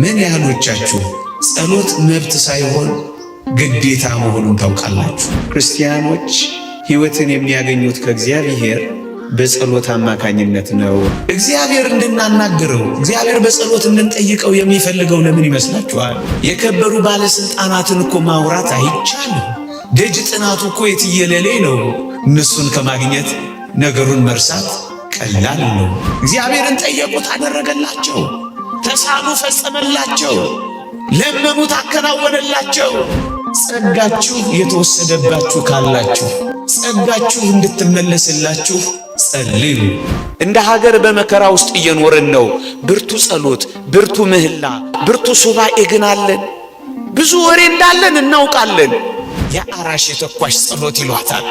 ምን ያህሎቻችሁ ጸሎት መብት ሳይሆን ግዴታ መሆኑን ታውቃላችሁ? ክርስቲያኖች ሕይወትን የሚያገኙት ከእግዚአብሔር በጸሎት አማካኝነት ነው። እግዚአብሔር እንድናናግረው እግዚአብሔር በጸሎት እንድንጠይቀው የሚፈልገው ለምን ይመስላችኋል? የከበሩ ባለሥልጣናትን እኮ ማውራት አይቻልም። ደጅ ጥናቱ እኮ የትየለሌ ነው። እነሱን ከማግኘት ነገሩን መርሳት ቀላል ነው። እግዚአብሔርን ጠየቁት፣ አደረገላቸው። ተሳሉ፣ ፈጸመላቸው፣ ለመኑት፣ አከናወነላቸው። ጸጋችሁ የተወሰደባችሁ ካላችሁ ጸጋችሁ እንድትመለስላችሁ ጸልዩ። እንደ ሀገር በመከራ ውስጥ እየኖርን ነው። ብርቱ ጸሎት፣ ብርቱ ምህላ፣ ብርቱ ሱባኤ ግን አለን። ብዙ ወሬ እንዳለን እናውቃለን። የአራሽ የተኳሽ ጸሎት ይሏታል።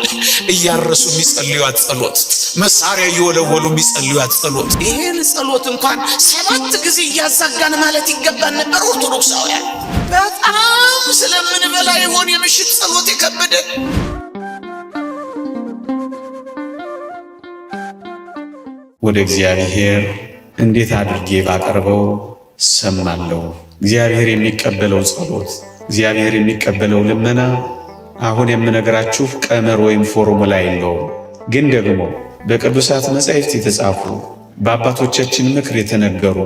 እያረሱ የሚጸልዩት ጸሎት፣ መሳሪያ እየወለወሉ የሚጸልዩት ጸሎት። ይህን ጸሎት እንኳን ሰባት ጊዜ እያዛጋን ማለት ይገባን ነበር። ኦርቶዶክሳውያን በጣም ስለምንበላ ይሆን የምሽት ጸሎት የከበደ ወደ እግዚአብሔር እንዴት አድርጌ ባቀርበው ሰማለው? እግዚአብሔር የሚቀበለው ጸሎት፣ እግዚአብሔር የሚቀበለው ልመና አሁን የምነግራችሁ ቀመር ወይም ፎርሙላ የለውም። ግን ደግሞ በቅዱሳት መጻሕፍት የተጻፉ በአባቶቻችን ምክር የተነገሩ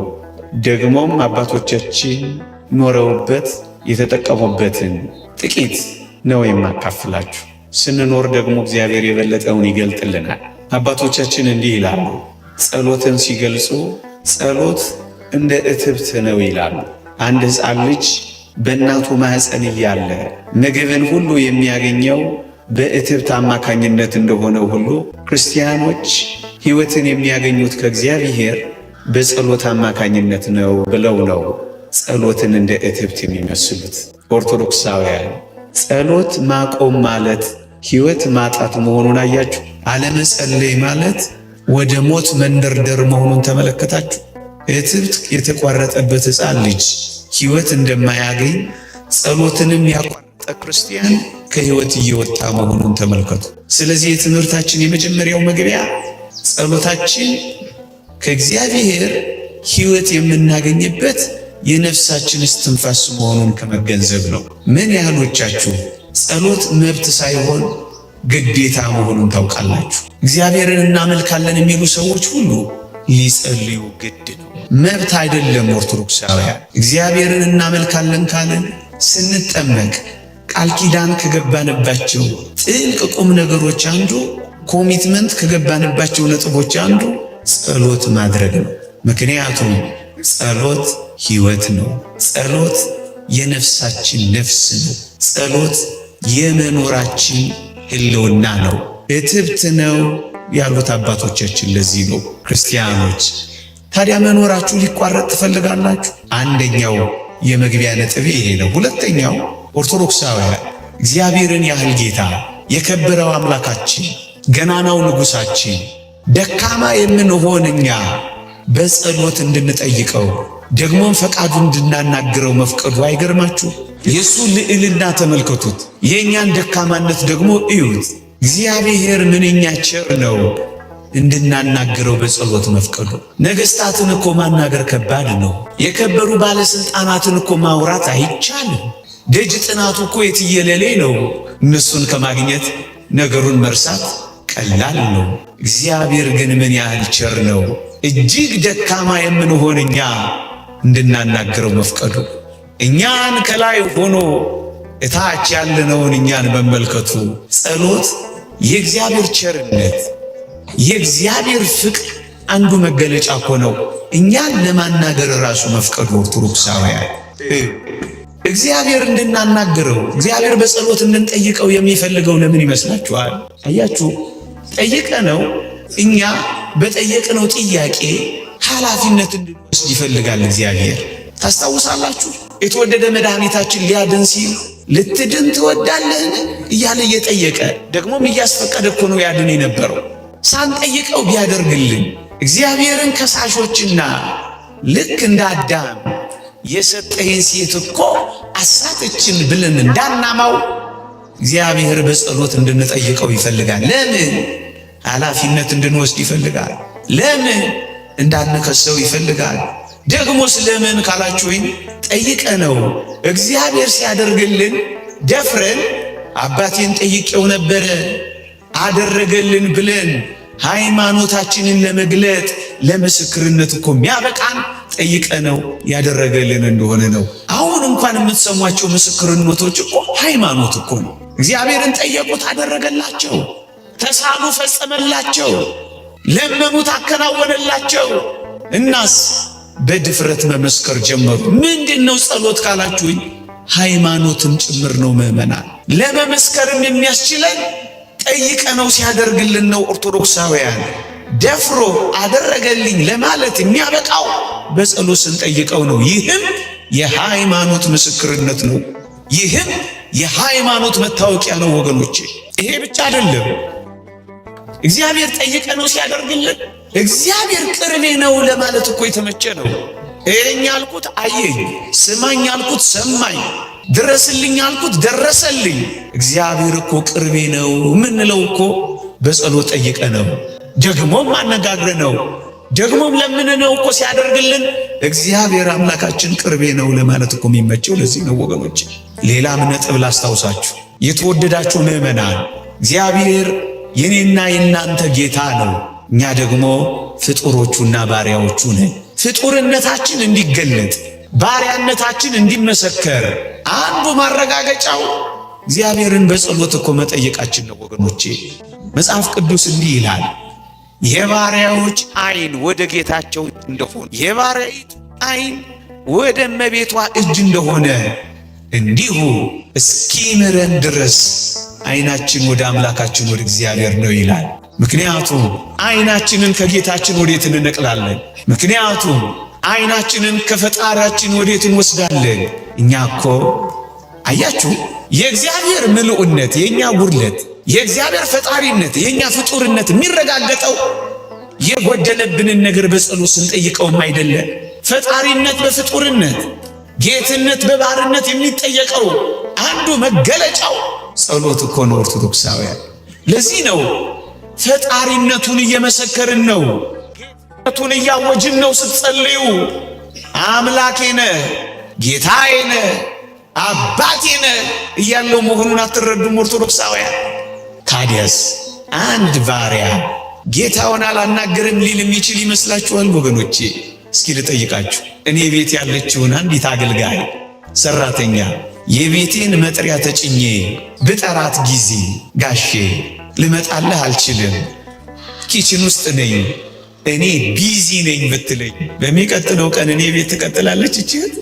ደግሞም አባቶቻችን ኖረውበት የተጠቀሙበትን ጥቂት ነው የማካፍላችሁ። ስንኖር ደግሞ እግዚአብሔር የበለጠውን ይገልጥልናል። አባቶቻችን እንዲህ ይላሉ፣ ጸሎትን ሲገልጹ ጸሎት እንደ እትብት ነው ይላሉ። አንድ ሕፃን ልጅ በእናቱ ማህፀን እያለ ምግብን ሁሉ የሚያገኘው በእትብት አማካኝነት እንደሆነ ሁሉ ክርስቲያኖች ሕይወትን የሚያገኙት ከእግዚአብሔር በጸሎት አማካኝነት ነው ብለው ነው ጸሎትን እንደ እትብት የሚመስሉት ኦርቶዶክሳውያን። ጸሎት ማቆም ማለት ሕይወት ማጣት መሆኑን አያችሁ። አለመጸለይ ማለት ወደ ሞት መንደርደር መሆኑን ተመለከታችሁ። እትብት የተቋረጠበት ሕፃን ልጅ ሕይወት እንደማያገኝ ጸሎትንም ያቋረጠ ክርስቲያን ከሕይወት እየወጣ መሆኑን ተመልከቱ። ስለዚህ የትምህርታችን የመጀመሪያው መግቢያ ጸሎታችን ከእግዚአብሔር ሕይወት የምናገኝበት የነፍሳችን እስትንፋስ መሆኑን ከመገንዘብ ነው። ምን ያህሎቻችሁ ጸሎት መብት ሳይሆን ግዴታ መሆኑን ታውቃላችሁ? እግዚአብሔርን እናመልካለን የሚሉ ሰዎች ሁሉ ሊጸልዩ ግድ ነው። መብት አይደለም። ኦርቶዶክሳውያን እግዚአብሔርን እናመልካለን ካለን ስንጠመቅ ቃል ኪዳን ከገባንባቸው ጥልቅ ቁም ነገሮች አንዱ ኮሚትመንት ከገባንባቸው ነጥቦች አንዱ ጸሎት ማድረግ ነው። ምክንያቱም ጸሎት ሕይወት ነው። ጸሎት የነፍሳችን ነፍስ ነው። ጸሎት የመኖራችን ህልውና ነው። እትብት ነው። ያሉት አባቶቻችን። ለዚህ ነው ክርስቲያኖች ታዲያ መኖራችሁ ሊቋረጥ ትፈልጋላችሁ? አንደኛው የመግቢያ ነጥቤ ይሄ ነው። ሁለተኛው ኦርቶዶክሳውያን እግዚአብሔርን ያህል ጌታ የከበረው አምላካችን ገናናው ንጉሳችን ደካማ የምንሆን እኛ በጸሎት እንድንጠይቀው ደግሞም ፈቃዱ እንድናናግረው መፍቀዱ አይገርማችሁ? የእሱ ልዕልና ተመልከቱት፣ የእኛን ደካማነት ደግሞ እዩት። እግዚአብሔር ምንኛ ቸር ነው እንድናናገረው በጸሎት መፍቀዱ። ነገስታትን እኮ ማናገር ከባድ ነው። የከበሩ ባለስልጣናትን እኮ ማውራት አይቻልም። ደጅ ጥናቱ እኮ የትየለሌ ነው። እነሱን ከማግኘት ነገሩን መርሳት ቀላል ነው። እግዚአብሔር ግን ምን ያህል ቸር ነው! እጅግ ደካማ የምንሆን እኛ እንድናናገረው መፍቀዱ፣ እኛን ከላይ ሆኖ እታች ያለነውን እኛን መመልከቱ ጸሎት የእግዚአብሔር ቸርነት የእግዚአብሔር ፍቅር አንዱ መገለጫ እኮ ነው። እኛን ለማናገር ራሱ መፍቀዱ ኦርቶዶክሳውያን እግዚአብሔር እንድናናግረው እግዚአብሔር በጸሎት እንድንጠይቀው የሚፈልገው ለምን ይመስላችኋል? አያችሁ ጠይቀ ነው እኛ በጠየቅነው ጥያቄ ኃላፊነት እንድንወስድ ይፈልጋል እግዚአብሔር። ታስታውሳላችሁ የተወደደ መድኃኒታችን ሊያድን ሲል ልትድን ትወዳለህን እያለ እየጠየቀ ደግሞም እያስፈቀደ እኮ ነው ያድን የነበረው። ሳንጠይቀው ቢያደርግልን እግዚአብሔርን ከሳሾችና ልክ እንደ አዳም የሰጠህን ሴት እኮ አሳተችን ብለን እንዳናማው እግዚአብሔር በጸሎት እንድንጠይቀው ይፈልጋል። ለምን ኃላፊነት እንድንወስድ ይፈልጋል። ለምን እንዳንከሰው ይፈልጋል። ደግሞስ ለምን ካላችሁኝ ጠይቀ ነው እግዚአብሔር ሲያደርግልን ደፍረን አባቴን ጠይቄው ነበረ አደረገልን ብለን ሃይማኖታችንን ለመግለጥ ለምስክርነት እኮ የሚያበቃን ጠይቀ ነው ያደረገልን እንደሆነ ነው። አሁን እንኳን የምትሰሟቸው ምስክርነቶች እኮ ሃይማኖት እኮ ነው። እግዚአብሔርን ጠየቁት፣ አደረገላቸው። ተሳሉ፣ ፈጸመላቸው። ለመኑት፣ አከናወነላቸው። እናስ በድፍረት መመስከር ጀመሩ። ምንድን ነው ጸሎት ካላችሁኝ ሃይማኖትም ጭምር ነው። ምዕመናን ለመመስከርም የሚያስችለን ነው ሲያደርግልን ነው። ኦርቶዶክሳውያን ደፍሮ አደረገልኝ ለማለት የሚያበቃው በጸሎት ስንጠይቀው ነው። ይህም የሃይማኖት ምስክርነት ነው። ይህም የሃይማኖት መታወቂያ ነው። ወገኖች ይሄ ብቻ አይደለም። እግዚአብሔር ጠይቀ ነው ሲያደርግልን እግዚአብሔር ቅርቤ ነው ለማለት እኮ የተመቸ ነው። እኛ ያልኩት አየኝ፣ ስማኝ ያልኩት ሰማኝ፣ ድረስልኝ ያልኩት ደረሰልኝ። እግዚአብሔር እኮ ቅርቤ ነው የምንለው እኮ በጸሎት ጠይቀ ነው ደግሞም አነጋግረ ነው ደግሞም ለምን ነው እኮ ሲያደርግልን እግዚአብሔር አምላካችን ቅርቤ ነው ለማለት እኮ የሚመቸው ለዚህ ነው ወገኖች። ሌላም ነጥብ ላስታውሳችሁ፣ የተወደዳችሁ ምዕመናን፣ እግዚአብሔር የኔና የእናንተ ጌታ ነው። እኛ ደግሞ ፍጡሮቹና ባሪያዎቹ ነን። ፍጡርነታችን እንዲገለጥ፣ ባሪያነታችን እንዲመሰከር አንዱ ማረጋገጫው እግዚአብሔርን በጸሎት እኮ መጠየቃችን ነው ወገኖቼ። መጽሐፍ ቅዱስ እንዲህ ይላል የባሪያዎች ዓይን ወደ ጌታቸው እንደሆነ የባሪያዊት ዓይን ወደ እመቤቷ እጅ እንደሆነ እንዲሁ እስኪምረን ድረስ አይናችን ወደ አምላካችን ወደ እግዚአብሔር ነው ይላል። ምክንያቱም አይናችንን ከጌታችን ወዴት እንነቅላለን? ምክንያቱም አይናችንን ከፈጣሪያችን ወዴት እንወስዳለን? እኛ እኮ አያችሁ፣ የእግዚአብሔር ምልኡነት የእኛ ጉድለት፣ የእግዚአብሔር ፈጣሪነት የእኛ ፍጡርነት የሚረጋገጠው የጎደለብንን ነገር በጸሎት ስንጠይቀውም አይደለም። ፈጣሪነት በፍጡርነት ጌትነት በባርነት የሚጠየቀው አንዱ መገለጫው ጸሎት እኮ ነው ኦርቶዶክሳውያን። ለዚህ ነው ፈጣሪነቱን እየመሰከርን ነው፣ ቱን እያወጅን ነው። ስትጸልዩ አምላኬ ነ፣ ጌታዬ ነህ፣ አባቴ እያለው መሆኑን አትረዱም ኦርቶዶክሳውያን። ታዲያስ አንድ ባሪያ ጌታውን አላናገርም ሊል የሚችል ይመስላችኋል ወገኖቼ? እስኪ ልጠይቃችሁ እኔ ቤት ያለችውን አንዲት አገልጋይ ሰራተኛ የቤቴን መጥሪያ ተጭኜ ብጠራት ጊዜ ጋሼ ልመጣልህ አልችልም፣ ኪችን ውስጥ ነኝ እኔ ቢዚ ነኝ ብትለኝ በሚቀጥለው ቀን እኔ ቤት ትቀጥላለች እችት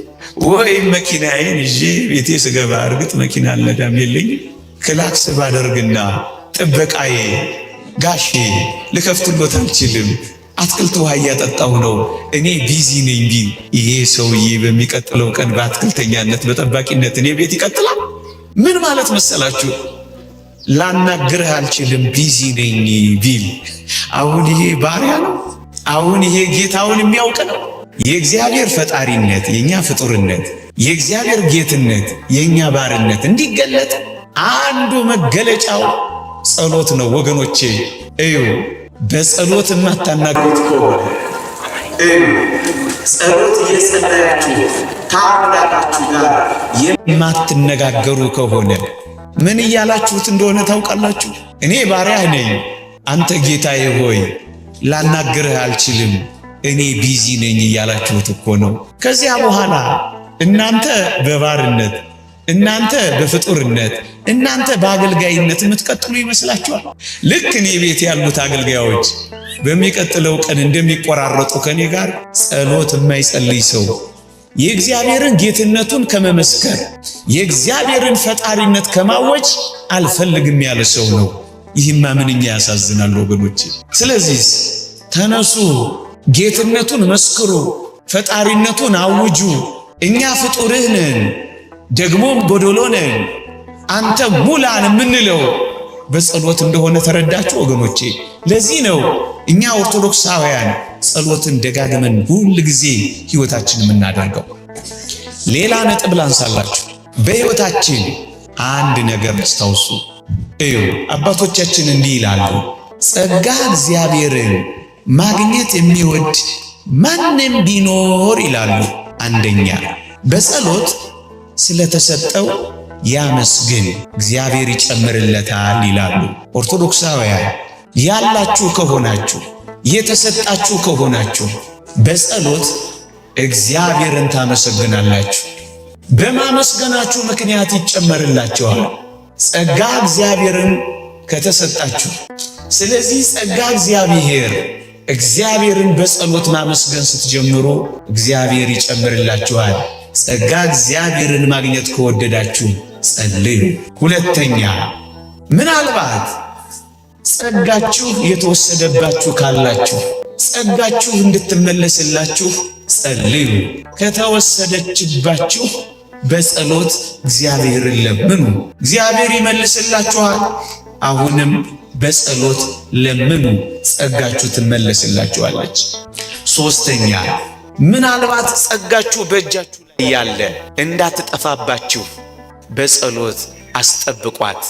ወይም መኪናዬን ይዤ ቤቴ ስገባ እርግጥ መኪና አልነዳም የለኝ ክላክስ ባደርግና ጥበቃዬ ጋሼ ልከፍትሎት አልችልም አትክልት ውሃ እያጠጣው ነው እኔ ቢዚ ነኝ ቢል ይሄ ሰውዬ በሚቀጥለው ቀን በአትክልተኛነት በጠባቂነት እኔ ቤት ይቀጥላል። ምን ማለት መሰላችሁ? ላናግርህ አልችልም ቢዚ ነኝ ቢል አሁን ይሄ ባሪያ ነው። አሁን ይሄ ጌታውን የሚያውቅ ነው። የእግዚአብሔር ፈጣሪነት የእኛ ፍጡርነት፣ የእግዚአብሔር ጌትነት የእኛ ባርነት እንዲገለጥ አንዱ መገለጫው ጸሎት ነው። ወገኖቼ እዩ በጸሎት የማታናግሩት ከሆነ ጸሎት እየጸለያችሁ ከአምላካችሁ ጋር የማትነጋገሩ ከሆነ ምን እያላችሁት እንደሆነ ታውቃላችሁ። እኔ ባሪያህ ነኝ፣ አንተ ጌታዬ ሆይ ላናግርህ አልችልም፣ እኔ ቢዚ ነኝ እያላችሁት እኮ ነው። ከዚያ በኋላ እናንተ በባርነት እናንተ በፍጡርነት እናንተ በአገልጋይነት የምትቀጥሉ ይመስላችኋል? ልክ እኔ ቤት ያሉት አገልጋዮች በሚቀጥለው ቀን እንደሚቆራረጡ ከኔ ጋር ጸሎት የማይጸልይ ሰው የእግዚአብሔርን ጌትነቱን ከመመስከር የእግዚአብሔርን ፈጣሪነት ከማወጅ አልፈልግም ያለ ሰው ነው። ይህማ ምንኛ ያሳዝናል ወገኖች። ስለዚህ ተነሱ፣ ጌትነቱን መስክሩ፣ ፈጣሪነቱን አውጁ። እኛ ፍጡርህ ነን ደግሞም ጎዶሎ ነን አንተ ሙላን የምንለው በጸሎት እንደሆነ ተረዳችሁ ወገኖቼ። ለዚህ ነው እኛ ኦርቶዶክሳውያን ጸሎትን ደጋግመን ሁል ጊዜ ህይወታችን የምናደርገው። ሌላ ነጥብ ላንሳላችሁ። በህይወታችን አንድ ነገር አስታውሱ። እዩ፣ አባቶቻችን እንዲህ ይላሉ፣ ጸጋ እግዚአብሔርን ማግኘት የሚወድ ማንም ቢኖር ይላሉ። አንደኛ በጸሎት ስለተሰጠው ያመስግን፣ እግዚአብሔር ይጨምርለታል ይላሉ ኦርቶዶክሳውያን። ያላችሁ ከሆናችሁ የተሰጣችሁ ከሆናችሁ በጸሎት እግዚአብሔርን ታመሰግናላችሁ። በማመስገናችሁ ምክንያት ይጨመርላችኋል ጸጋ እግዚአብሔርን ከተሰጣችሁ። ስለዚህ ጸጋ እግዚአብሔር እግዚአብሔርን በጸሎት ማመስገን ስትጀምሩ እግዚአብሔር ይጨምርላችኋል። ጸጋ እግዚአብሔርን ማግኘት ከወደዳችሁ ጸልዩ። ሁለተኛ ምናልባት ጸጋችሁ የተወሰደባችሁ ካላችሁ ጸጋችሁ እንድትመለስላችሁ ጸልዩ። ከተወሰደችባችሁ በጸሎት እግዚአብሔርን ለምኑ፣ እግዚአብሔር ይመልስላችኋል። አሁንም በጸሎት ለምኑ፣ ጸጋችሁ ትመለስላችኋለች። ሶስተኛ ምናልባት ጸጋችሁ በእጃችሁ እያለ እንዳትጠፋባችሁ በጸሎት አስጠብቋት።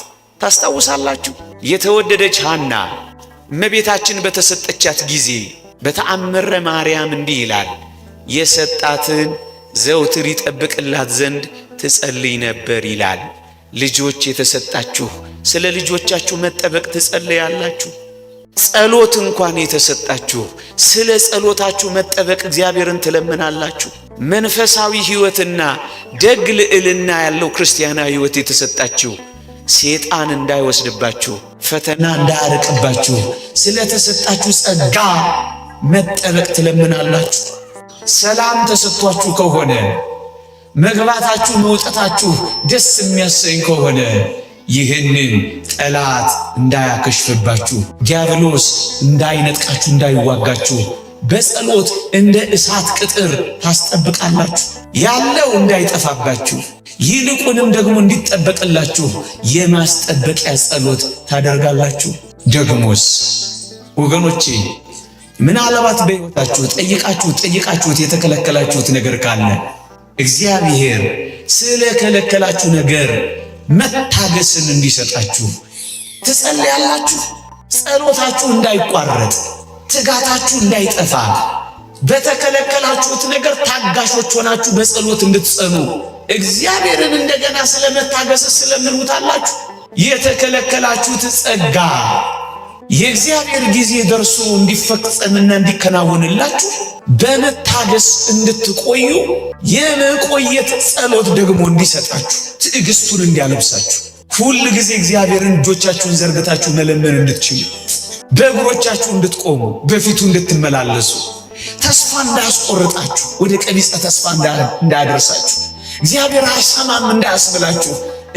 ታስታውሳላችሁ? የተወደደች ሐና እመቤታችን በተሰጠቻት ጊዜ በተአምረ ማርያም እንዲህ ይላል፣ የሰጣትን ዘውትር ይጠብቅላት ዘንድ ትጸልይ ነበር ይላል። ልጆች የተሰጣችሁ ስለ ልጆቻችሁ መጠበቅ ትጸልያላችሁ። ጸሎት እንኳን የተሰጣችሁ ስለ ጸሎታችሁ መጠበቅ እግዚአብሔርን ትለምናላችሁ። መንፈሳዊ ሕይወትና ደግ ልዕልና ያለው ክርስቲያናዊ ሕይወት የተሰጣችሁ ሴጣን እንዳይወስድባችሁ፣ ፈተና እንዳያርቅባችሁ ስለተሰጣችሁ ጸጋ መጠበቅ ትለምናላችሁ። ሰላም ተሰጥቷችሁ ከሆነ መግባታችሁ መውጣታችሁ ደስ የሚያሰኝ ከሆነ ይህንን ጠላት እንዳያከሽፍባችሁ፣ ዲያብሎስ እንዳይነጥቃችሁ፣ እንዳይዋጋችሁ በጸሎት እንደ እሳት ቅጥር ታስጠብቃላችሁ። ያለው እንዳይጠፋባችሁ ይልቁንም ደግሞ እንዲጠበቅላችሁ የማስጠበቂያ ጸሎት ታደርጋላችሁ። ደግሞስ ወገኖቼ ምናልባት በሕይወታችሁ ጠይቃችሁት ጠይቃችሁት የተከለከላችሁት ነገር ካለ እግዚአብሔር ስለከለከላችሁ ነገር መታገስን እንዲሰጣችሁ ትጸልያላችሁ። ጸሎታችሁ እንዳይቋረጥ፣ ትጋታችሁ እንዳይጠፋ በተከለከላችሁት ነገር ታጋሾች ሆናችሁ በጸሎት እንድትጸኑ እግዚአብሔርን እንደገና ስለመታገስ ስለምንሙታላችሁ የተከለከላችሁት ጸጋ የእግዚአብሔር ጊዜ ደርሶ እንዲፈጸምና እንዲከናወንላችሁ በመታገስ እንድትቆዩ የመቆየት ጸሎት ደግሞ እንዲሰጣችሁ ትዕግስቱን እንዲያለብሳችሁ ሁል ጊዜ እግዚአብሔርን እጆቻችሁን ዘርግታችሁ መለመን እንድትችሉ በእግሮቻችሁ እንድትቆሙ በፊቱ እንድትመላለሱ ተስፋ እንዳያስቆርጣችሁ ወደ ቀቢጸ ተስፋ እንዳያደርሳችሁ እግዚአብሔር አሰማም እንዳያስብላችሁ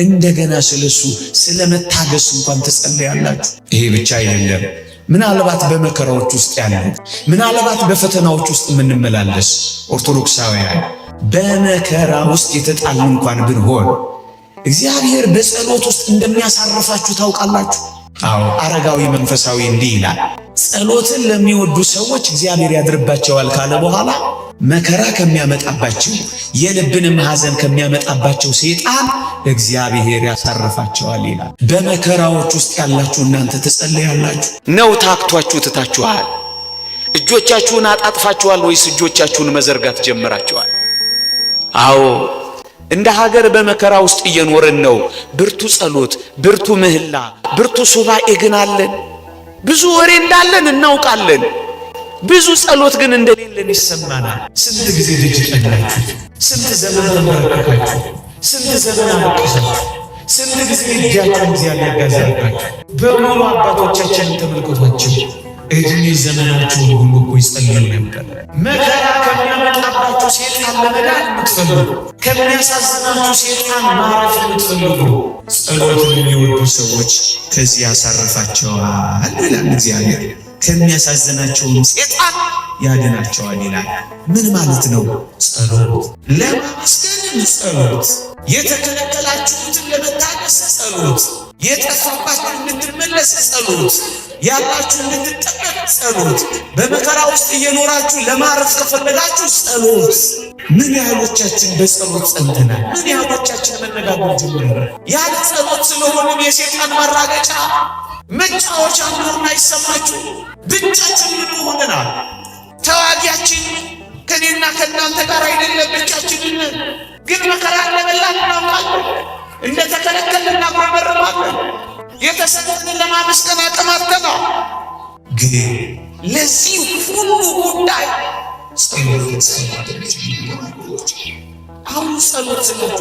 እንደገና ስለሱ ስለመታገስ እንኳን ትጸልያላችሁ። ይሄ ብቻ አይደለም። ምናልባት በመከራዎች ውስጥ ያለ ምናልባት በፈተናዎች ውስጥ የምንመላለስ ኦርቶዶክሳውያን በመከራ ውስጥ የተጣሉ እንኳን ብንሆን እግዚአብሔር በጸሎት ውስጥ እንደሚያሳርፋችሁ ታውቃላችሁ። አዎ አረጋዊ መንፈሳዊ እንዲህ ይላል፣ ጸሎትን ለሚወዱ ሰዎች እግዚአብሔር ያድርባቸዋል ካለ በኋላ መከራ ከሚያመጣባቸው የልብንም ሐዘን ከሚያመጣባቸው ሰይጣን እግዚአብሔር ያሳርፋቸዋል ይላል። በመከራዎች ውስጥ ያላችሁ እናንተ ትጸልያላችሁ ነው? ታክቷችሁ ትታችኋል? እጆቻችሁን አጣጥፋችኋል ወይስ እጆቻችሁን መዘርጋት ጀምራችኋል? አዎ እንደ ሀገር በመከራ ውስጥ እየኖርን ነው። ብርቱ ጸሎት፣ ብርቱ ምህላ፣ ብርቱ ሱባኤ ግን አለን። ብዙ ወሬ እንዳለን እናውቃለን። ብዙ ጸሎት ግን እንደሌለን ይሰማናል። ስንት ጊዜ ልጅ ጠላችሁ፣ ስንት ዘመን ተመረከካችሁ፣ ስንት ዘመን አመቀሳችሁ፣ ስንት ጊዜ ልጃችሁን እግዚአብሔር ጋር በሙሉ አባቶቻችን ተመልከቷቸው። እድሜ ዘመናቸውን ሁሉ እኮ ይጸልል ነበር። መከራ ከሚያመጣባችሁ ሴጣን ለመዳን የምትፈልጉ ከሚያሳዝናችሁ ሴጣን ማረፍ የምትፈልጉ ጸሎትን የሚወዱ ሰዎች ከዚህ ያሳርፋቸዋል ይላል እግዚአብሔር። ከሚያሳዝናቸውም ሴጣን ያድናቸዋል ይላል። ምን ማለት ነው? ጸሎት ለማመስገን ጸሎት የተከለከላችሁትን ለመታደስ ጸሎት የጠፋባችሁ እንድትመለስ ጸሎት፣ ያላችሁ እንድትጠቀቅ ጸሎት፣ በመከራ ውስጥ እየኖራችሁ ለማረፍ ከፈለጋችሁ ጸሎት። ምን ያህሎቻችን በጸሎት ጸንተናል? ምን ያህሎቻችን መነጋገር ጀምረናል? ያለ ጸሎት ስለሆንም የሴጣን ማራገጫ መጫወቻ እንደሆነ አይሰማችሁ? ብቻችን ምን ሆነናል? ተዋጊያችን ከኔና ከእናንተ ጋር አይደለም፣ ብቻችን ግን መከራ ለመላት እናውቃለን። እንደ ተከለከልና የተሰጠን የተሰጠንን ለማመስገን አቅማተና ግን ለዚህ ሁሉ ጉዳይ አሁን ጸሎት ስለሆነ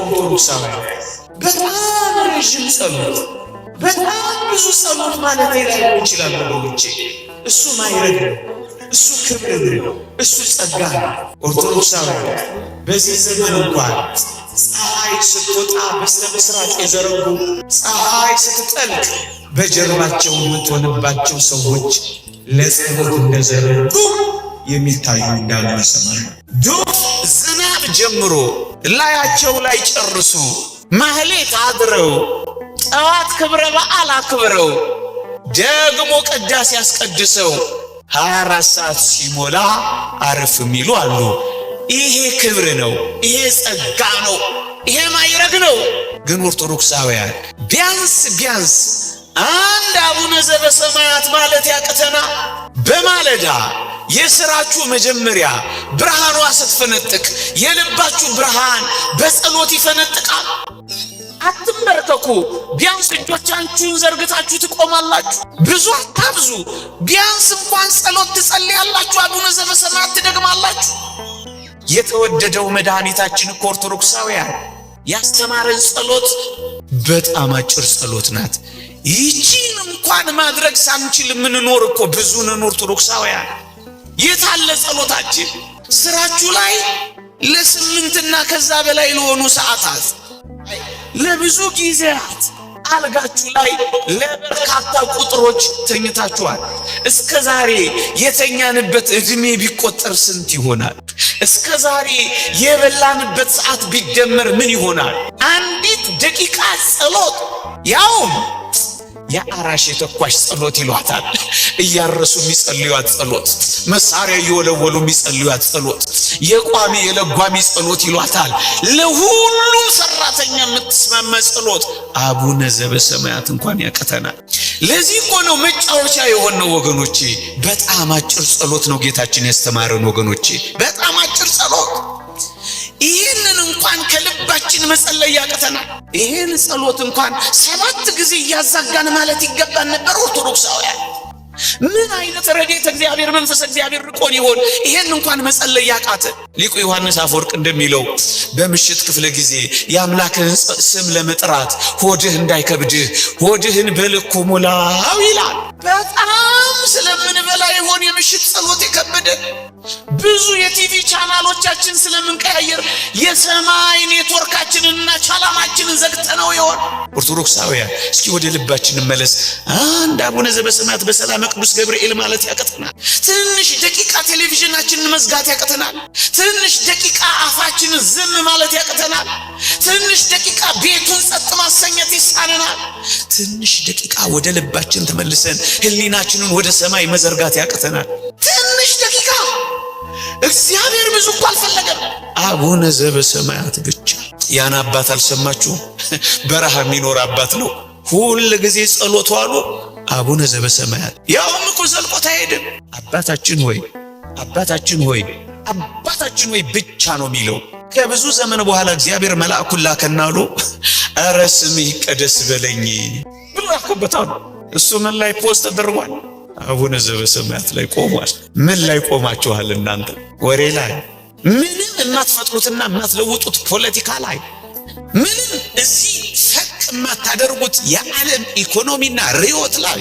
በጣም ረዥም ጸሎት በጣም ብዙ ጸሎት ማለት ላይሆን ይችላል ወገኖቼ። እሱ ማይረግ ነው። እሱ ክብር ነው። እሱ ጸጋ ነው። ኦርቶዶክሳዊ በዚህ ዘመን እንኳን ፀሐይ ስትወጣ በስተምስራቅ የዘረጉ ፀሐይ ስትጠልቅ በጀርባቸው የምትሆንባቸው ሰዎች ለጸሎት እንደዘረጉ የሚታዩ እንዳሉ ይሰማል። ዱፍ ዝናብ ጀምሮ ላያቸው ላይ ጨርሶ ማህሌት አድረው ጠዋት ክብረ በዓል አክብረው ደግሞ ቅዳሴ ያስቀድሰው 24 ሰዓት ሲሞላ አረፍ የሚሉ አሉ። ይሄ ክብር ነው፣ ይሄ ጸጋ ነው፣ ይሄ ማይረግ ነው። ግን ኦርቶዶክሳውያን ቢያንስ ቢያንስ አንድ አቡነ ዘበሰማያት ማለት ያቅተና በማለዳ የሥራችሁ መጀመሪያ ብርሃኗ ስትፈነጥቅ የልባችሁ ብርሃን በጸሎት ይፈነጥቃል። አትንበርከኩ፣ ቢያንስ እጆቻችሁን ዘርግታችሁ ትቆማላችሁ። ብዙ አታብዙ፣ ቢያንስ እንኳን ጸሎት ትጸልያላችሁ። አቡነ ዘበሰማያት ትደግማላችሁ። የተወደደው መድኃኒታችን እኮ ኦርቶዶክሳውያን ያስተማረን ጸሎት በጣም አጭር ጸሎት ናት። ይቺን እንኳን ማድረግ ሳንችል የምንኖር እኮ ብዙንን ኦርቶዶክሳውያን የታለ ጸሎታችን? ስራችሁ ላይ ለስምንትና ከዛ በላይ ለሆኑ ሰዓታት ለብዙ ጊዜያት አልጋችሁ ላይ ለበርካታ ቁጥሮች ተኝታችኋል። እስከ ዛሬ የተኛንበት ዕድሜ ቢቆጠር ስንት ይሆናል? እስከ ዛሬ የበላንበት ሰዓት ቢደመር ምን ይሆናል? አንዲት ደቂቃ ጸሎት ያውም የአራሽ የተኳሽ ጸሎት ይሏታል። እያረሱ የሚጸልዩት ጸሎት፣ መሳሪያ እየወለወሉ የሚጸልዩት ጸሎት፣ የቋሚ የለጓሚ ጸሎት ይሏታል። ለሁሉም ሰራተኛ የምትስማማ ጸሎት አቡነ ዘበሰማያት እንኳን ያቀተናል። ለዚህ እኮ ነው መጫወቻ የሆነው ወገኖቼ። በጣም አጭር ጸሎት ነው ጌታችን ያስተማረን ወገኖቼ፣ በጣም አጭር ጸሎት ይህን እንኳን ከልባችን መጸለይ ያቅተናል። ይህን ጸሎት እንኳን ሰባት ጊዜ እያዛጋን ማለት ይገባን ነበር ኦርቶዶክሳውያን ምን አይነት ረድኤተ እግዚአብሔር መንፈስ እግዚአብሔር ርቆን ይሆን? ይሄን እንኳን መጸለይ ያቃተ ሊቁ ዮሐንስ አፈወርቅ እንደሚለው በምሽት ክፍለ ጊዜ የአምላክህን ስም ለመጥራት ሆድህ እንዳይከብድህ ሆድህን በልኩ ሙላው ይላል። በጣም ስለምንበላ ይሆን የምሽት ጸሎት የከበደ? ብዙ የቲቪ ቻናሎቻችን ስለምንቀያየር የሰማይ ኔትወርካችንንና ቻላማችንን ዘግተነው ይሆን? ኦርቶዶክሳውያን እስኪ ወደ ልባችን መለስ። አንድ አቡነ ዘበሰማያት በሰላም ቅዱስ ገብርኤል ማለት ያቀተናል። ትንሽ ደቂቃ ቴሌቪዥናችንን መዝጋት ያቅተናል። ትንሽ ደቂቃ አፋችንን ዝም ማለት ያቅተናል። ትንሽ ደቂቃ ቤቱን ጸጥ ማሰኘት ይሳነናል። ትንሽ ደቂቃ ወደ ልባችን ተመልሰን ሕሊናችንን ወደ ሰማይ መዘርጋት ያቅተናል። ትንሽ ደቂቃ እግዚአብሔር ብዙ እኮ አልፈለገም። አቡነ ዘበሰማያት ብቻ ያን አባት አልሰማችሁም? በረሃ የሚኖር አባት ነው። ሁል ጊዜ ጸሎቱ አሉ አቡነ ዘበሰማያት ያውም እኮ ዘልቆት አይሄድም። አባታችን ሆይ አባታችን ሆይ አባታችን ሆይ ብቻ ነው የሚለው። ከብዙ ዘመን በኋላ እግዚአብሔር መልአኩን ላከና አሉ ቀደስ ይቀደስ በለኝ ብሎ ያኮበታሉ። እሱ ምን ላይ ፖስት ተደርጓል? አቡነ ዘበሰማያት ላይ ቆሟል። ምን ላይ ቆማችኋል እናንተ? ወሬ ላይ ምንም እናትፈጥሩትና እናትለውጡት ፖለቲካ ላይ ምንም እዚህ የማታደርጉት የዓለም ኢኮኖሚና ርዕዮት ላይ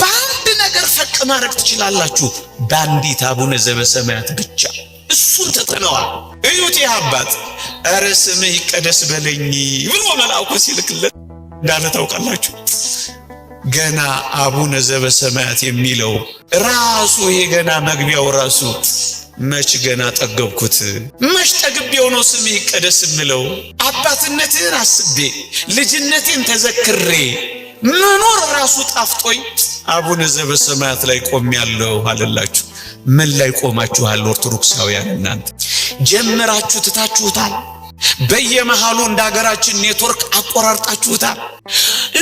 በአንድ ነገር ፈቅ ማድረግ ትችላላችሁ፣ በአንዲት አቡነ ዘበሰማያት ብቻ። እሱን ተጥለዋል። እዩት። ይህ አባት ኧረ ስምህ ይቀደስ በለኝ ብሎ መልአኩ ሲልክለት እንዳለ ታውቃላችሁ። ገና አቡነ ዘበሰማያት የሚለው ራሱ ይሄ ገና መግቢያው ራሱ መች ገና ጠገብኩት፣ መች ጠግቤ ሆኖ ስሜ ይቀደስ ምለው። አባትነትህን አስቤ ልጅነቴን ተዘክሬ መኖር ራሱ ጣፍጦኝ አቡነ ዘበሰማያት ላይ ቆሜያለሁ አለላችሁ። ምን ላይ ቆማችኋል? ኦርቶዶክሳውያን እናንተ ጀምራችሁ ትታችሁታል። በየመሃሉ እንደ ሀገራችን ኔትወርክ አቆራርጣችሁታል።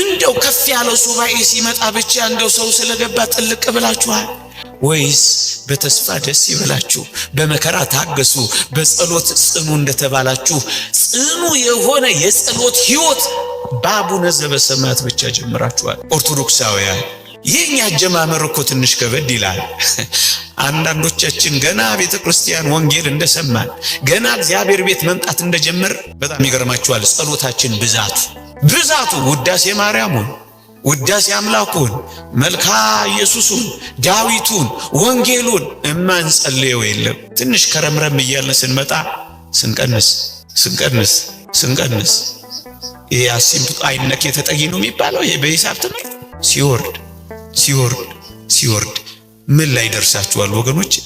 እንደው ከፍ ያለው ሱባኤ ሲመጣ ብቻ እንደው ሰው ስለገባ ጥልቅ ብላችኋል። ወይስ በተስፋ ደስ ይበላችሁ፣ በመከራ ታገሱ፣ በጸሎት ጽኑ እንደተባላችሁ ጽኑ የሆነ የጸሎት ህይወት በአቡነ ዘበሰማያት ብቻ ጀምራችኋል። ኦርቶዶክሳውያን የኛ አጀማመር እኮ ትንሽ ከበድ ይላል። አንዳንዶቻችን ገና ቤተ ክርስቲያን ወንጌል እንደሰማን ገና እግዚአብሔር ቤት መምጣት እንደጀመር በጣም ይገርማችኋል። ጸሎታችን ብዛቱ ብዛቱ ውዳሴ ማርያሙን ውዳሴ አምላኩን መልካ ኢየሱሱን ዳዊቱን ወንጌሉን እማንጸልየው የለም። ትንሽ ከረምረም እያልን ስንመጣ ስንቀንስ ስንቀንስ ስንቀንስ ይሄ አሲምቱ አይነክ የተጠጊ ነው የሚባለው ይሄ በሂሳብ ትምህርት ሲወርድ ሲወርድ ሲወርድ ምን ላይ ደርሳችኋል ወገኖች?